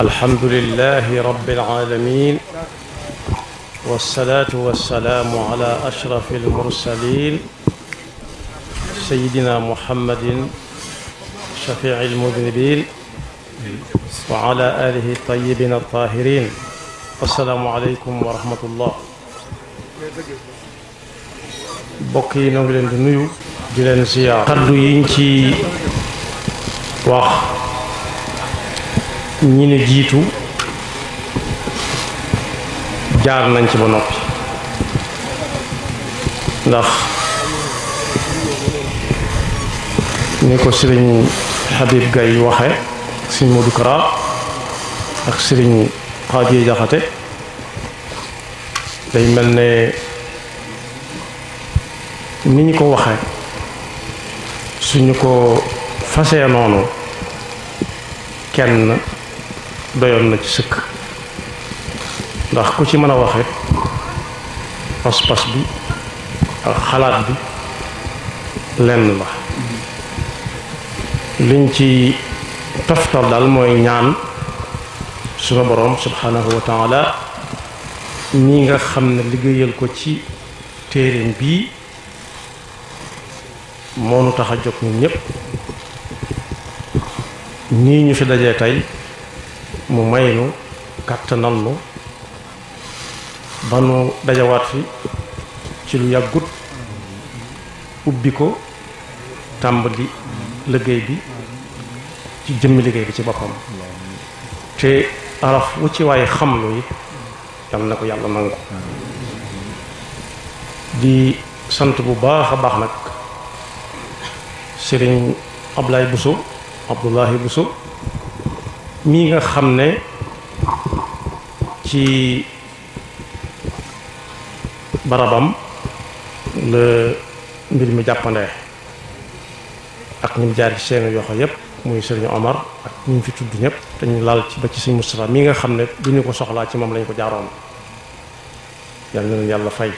الحمد لله رب العالمين والصلاة والسلام على أشرف المرسلين سيدنا محمد شفيع المذنبين وعلى آله الطيبين الطاهرين السلام عليكم ورحمة الله bokk yi noo ngi leen di nuyu di leen siyaar kaddu yiñ ci wax ñi ne jiitu jaar nañ ci ba noppi ndax ni ko sëriñ Habib Gaye waxe ak sëriñ Modou Kara ak sëriñ Xaadi Jaxate day mel ne ni ñu ko waxe suñu ko fasee noonu kenn doyoon na ci sëkk ndax ku ci mën a waxe pas-pas bi ak xalaat bi lenn la liñ ci toftal daal mooy ñaan sunu boroom subhanahu wa taala ñi nga xam ne liggéeyal ko ci téereem bii moo nu tax a jot ñun ñëpp nii ñu fi dajee tey mu may nu kàttanal nu ba nu dajawaat fi ci lu yàggut ubbi ko tàmbali liggéey bi ci jëmmi liggéey bi ci boppam te araf wu ci waaye xam lu yi na ko yàlla nangu di sant bu baax a baax nag Sering ablay Busu abdullah Busu mi nga xamne ci barabam le mbir mi jappane ak ñu jaar ci seen yoxo yépp muy serigne Omar ak ñu fi ñep te ñu laal ci ba ci serigne mustafa mi nga xamne duñu ko soxla ci mom lañ ko jaaroon yalla na fay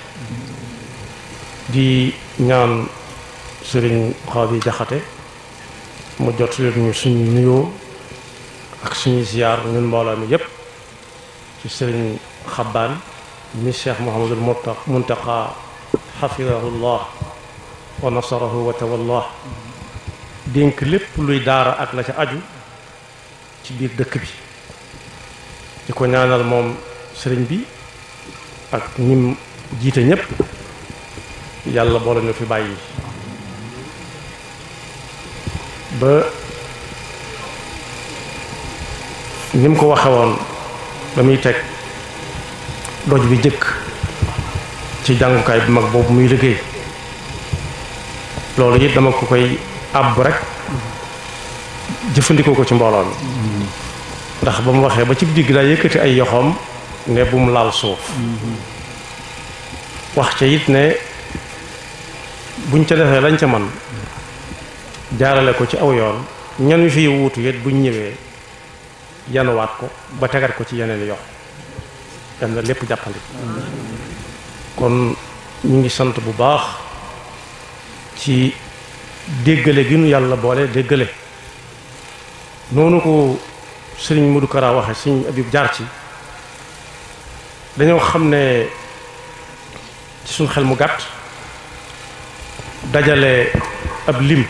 di ñaan sëriñ Xaadi Jaxate mu jot ñu suñu nuyoo ak suñu ziar ñun mbooloo mi yépp ci sëriñ Xabbaan mi Cheikh Mouhamadul Muntaqa xafidahullah wa nasarahu wa tawallah dénk lépp luy daara ak la ca aju ci biir dëkk bi di ko ñaanal moom sëriñ bi ak ñim jiite ñépp yàlla boole ñu fi bàyyi ba ni mu ko waxe woon ba muy teg doj bi jëkk ci jàngukaay bu mag boobu muy liggéey loolu yit dama ko koy àbb rekk jëfandikoo ko ci mbooloo mi ndax ba mu waxee ba ci digg daa yëkkati ay yoxoom ne bu mu laal suuf wax ca it ne buñ ca defee lañ ca man jaarale ko ci aw yoon ñan fi wuutu yet buñ ñëwee yanuwaat ko ba tegaat ko ci yeneen yox dem na lépp jàppandi kon ñu ngi sant bu baax ci déggale gi ñu yalla boole déggale nonu ko serigne Modou Kara waxe serigne Abib jaar ci dañu xam ci sun xel mu gatt dajale ab lim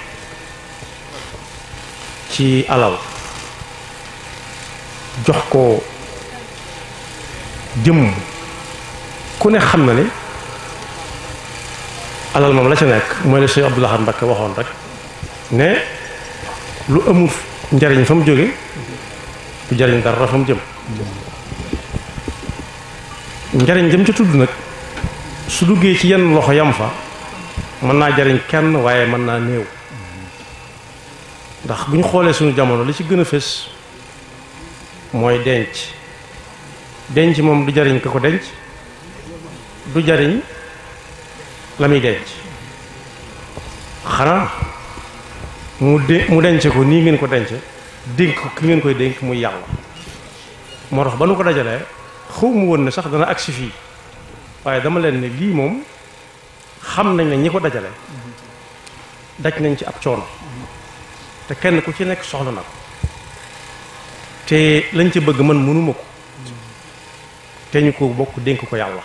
ci alal jox ko jëm ku ne xam na ni alal moom la ca nekk mooy la Cheikh Abdoul Ahad Mbacké waxoon rek ne lu amul njariñ fa mu jóge du jariñ dara fa mu jëm njariñ jëm ca tudd nag su duggee ci yenn loxo yam fa mën naa jariñ kenn waaye mën naa néew ndax bu ñu xoolee suñu jamono li ci gën a fës mooy denc denc moom du jariñ ka ko denc du jariñ la muy denc xanaa mu de mu denc ko nii ngeen ko denc dénk ko ki ngeen koy dénk muy yàlla moo tax ba nu ko dajalee xaw mu woon na sax dana agsi fii waaye dama leen ne lii moom xam nañ ne ñi ko dajale daj nañ ci ab coono te kenn ku ci nekk soxla na ko te lañ ci bëgg man mënuma ko te ñu ko bokk dénk ko yàlla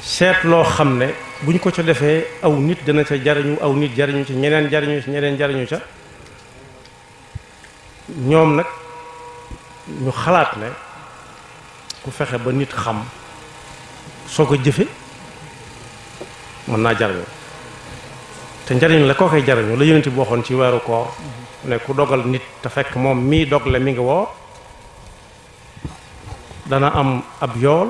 seet loo xam ne buñ ko ca defee aw nit dana ca jariñu aw nit jariñu ci ñeneen jariñu ci ñeneen jariñu ca ñoom nag ñu xalaat ne ku fexe ba nit xam soo ko jëfe mën naa jariñu te njariñ la ko koy jariñu la yonent bi waxoon ci weeru koor ne ku dogal nit te fekk moom mii dog la mi ngi dana am ab yool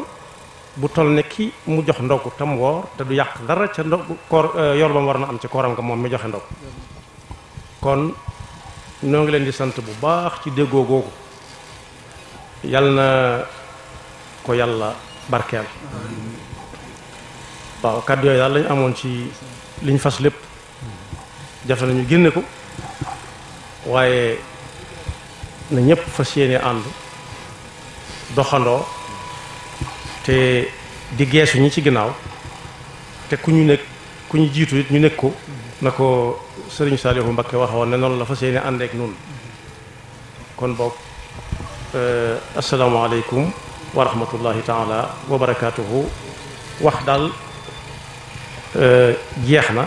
bu tol ne ki mu jox ndogu tam woor te du yàq dara ca ndogu koor euh, yool ba mu war na am ci kooram nga moom mi joxe ndogu kon noo ngi leen di sant bu baax ci déggoo googu yal na ko yàlla barkeel waaw kàddu yooyu daal lañ amoon ci liñ fas lépp jafe nañu génne ko waaye na ñëpp fa yéene ànd doxandoo te di geesu ñi ci ginnaaw te ku ñu nekk ku ñu jiitu ñu nekk ko na ko sëriñ Saliou Mbacké waxoon ne noonu la fa yéene ànd ak noonu kon boog euh, asalaamaaleykum wa rahmatullahi taala wa barakaatuhu wax daal euh, jeex na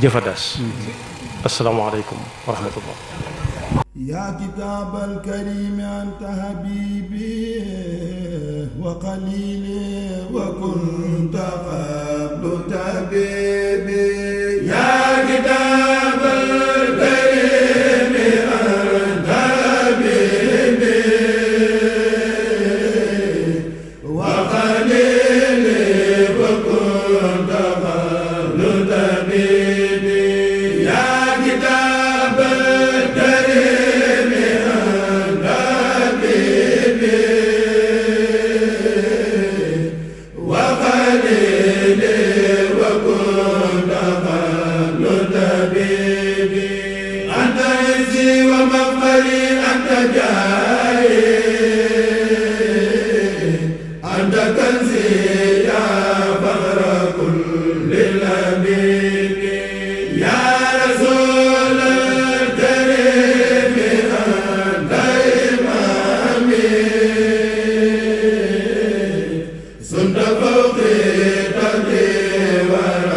jëfa السلام عليكم ورحمة الله يا كتاب الكريم أنت حبيبي وقليلي وكنت قبل تبي wa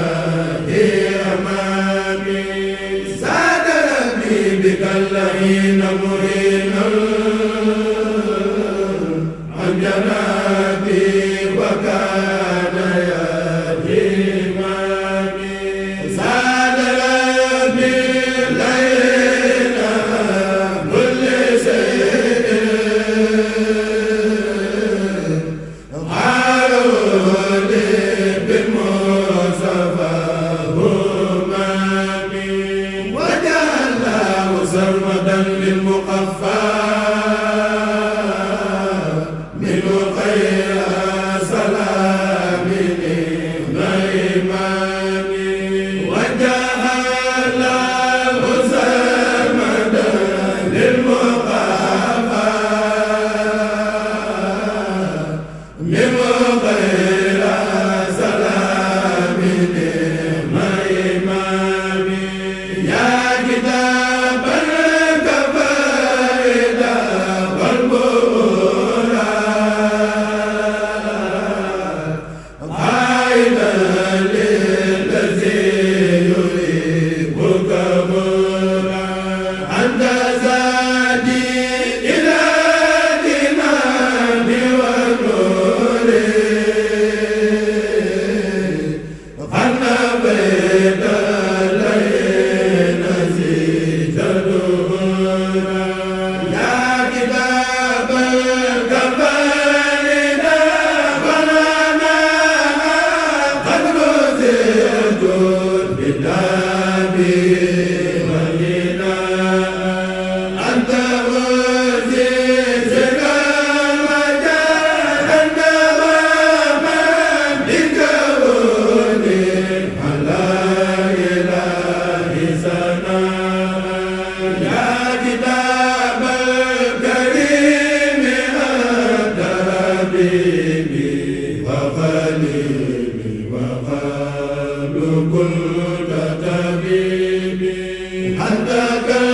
حتى كان